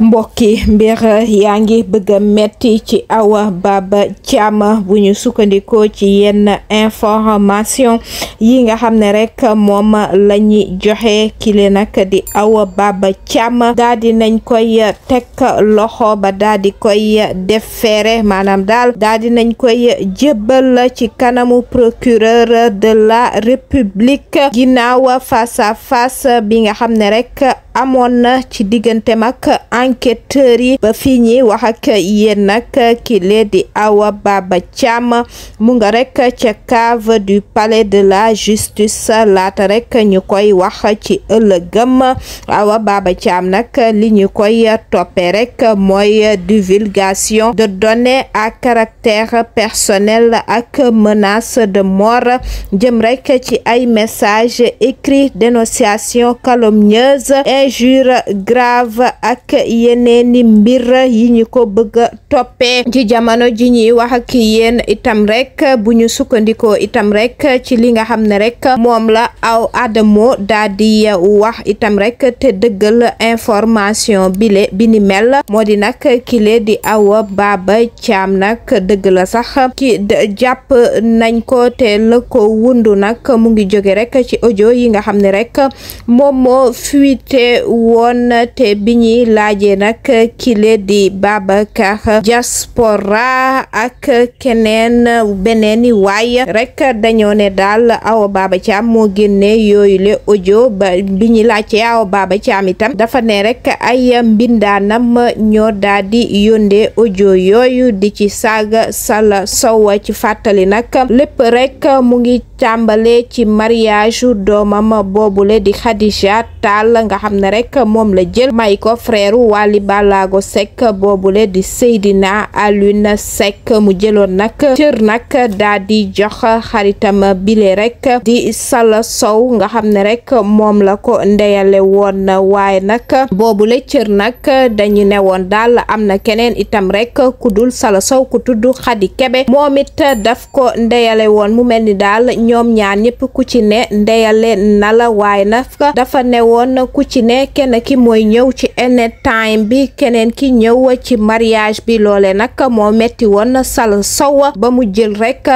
mbokki mbir yaa ngi bëgg a metti ci Awa Baba Thiam bu ñu sukkandikoo ci yenn information yi nga xam ne rek moom la ñuy joxe kile nag di Awa Baba Thiam daal di nañ koy teg loxo ba daal di koy defeere maanaam daal daal di nañ koy jébbal ci kanamu procureur de la république ginnaaw face à bi nga xam ne rek amoon na ci diggante mag enquêteurs yi ba fii ñi wax ak nag ki lee di Awa Baba Thiam mu nga rek ca cave du palais de la justice laata rek ñu koy wax ci ëllëgëm Awa Baba Thiam nag li ñu koy toppee rek mooy divulgation de données à caractère personnel ak menace de mort jëm rek ci ay message écrits dénonciation calomnieuse injure grave ak yeneeni mbir yi ñu ko bëgg a toppee ci jamono ji ñuy wax ak yéen itam rek bu ñu sukkandikoo itam rek ci li nga xam ne rek moom la aw Adamo daal di wax itam rek te dëggal information bile bi ni mel moo di nag kile di awa baaba caam nag dëgg la sax ci jàpp nañ ko te la ko wundu nag mu ngi jóge rek ci audio yi nga xam ne rek moom moo fuité woon te bi ñuy laajee nag kile di Babacar Diaspora ak keneen beneen waaye rek dañoo ne daal Awa Baba Thiam moo génne yooyu le audio ba bi ñuy laajee Awa Baba Thiam itam dafa ne rek ay mbindaanam ñoo daal di yóndee audio yooyu di ci saaga Salla Sow ci fàttali nag lépp rek mu ngi càmbale ci mariage doomam boobule di Khadija Tall nga xam ne rek moom la jël may ko frère Wally balaago Seck boobule di Seydina Alioune Seck mu jëloon nag cër nag daa di jox xaritam bile rek di Salla Sow nga xam ne rek moom la ko ndeyale woon na waaye nag boobule cër nag dañu ne woon daal am na keneen itam rek ku dul Salla Sow ku tudd Khady Kebe moom daf ko ndeyale woon mu mel ni daal ñoom ñaar ñëpp ku ci ne ndeyale na la waaye nag dafa ne woon ku ci ne kenn ki mooy ñëw ci en time bi keneen ki ñëw ci mariage bi loole nag moo metti woon sal sow ba mu jël rek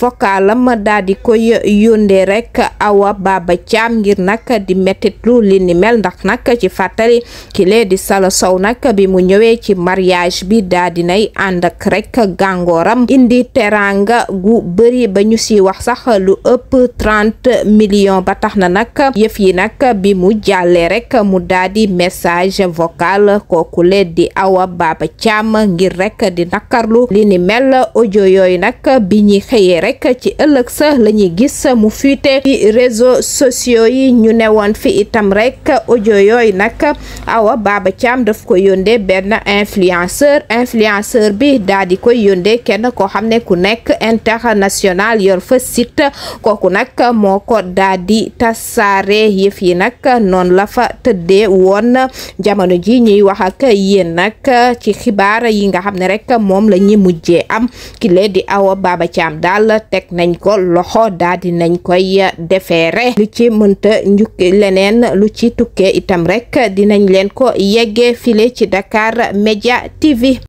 vocalam daal di koy yóndee rek awa baaba caam ngir nag di mettit lu li mel ndax nag ci fàttali ki lee di sal sow nag bi mu ñëwee ci mariage bi daal di nay ànd ak rekk gàngooram indi teranga gu bëri ba ñu si wax sax lu lu ëpp trente million ba tax na nag yëf yi nag bi mu jàllee rek mu daal di message vocal kooku le di Awa Baba Thiam ngir rek di nakarlu li ni mel ojo yooyu nag bi ñuy xëyee rek ci ëllëg sa lañuy ñuy gis mu fuite ci réseaux sociaux yi ñu newoon fi itam rek ojo yooyu nag Awa Baba Thiam daf ko yondee benn influenceur influenceur bi daal koy yóndee kenn koo xam ne ku nekk international yor fa kooku nag moo ko daa di tasaare yëf yi nak noon lafa fa tëddee woon jamono ji ñuy waxak ak nak ci xibaar yi nga xam ne rek moom la ñuy mujjee am kile di Awa Baba Thiam daal teg nañ ko loxo daa di nañ koy defeere lu ci mënta njukki leneen lu ci tukkee itam rek dinañ leen ko yeggee file ci Dakar Media TV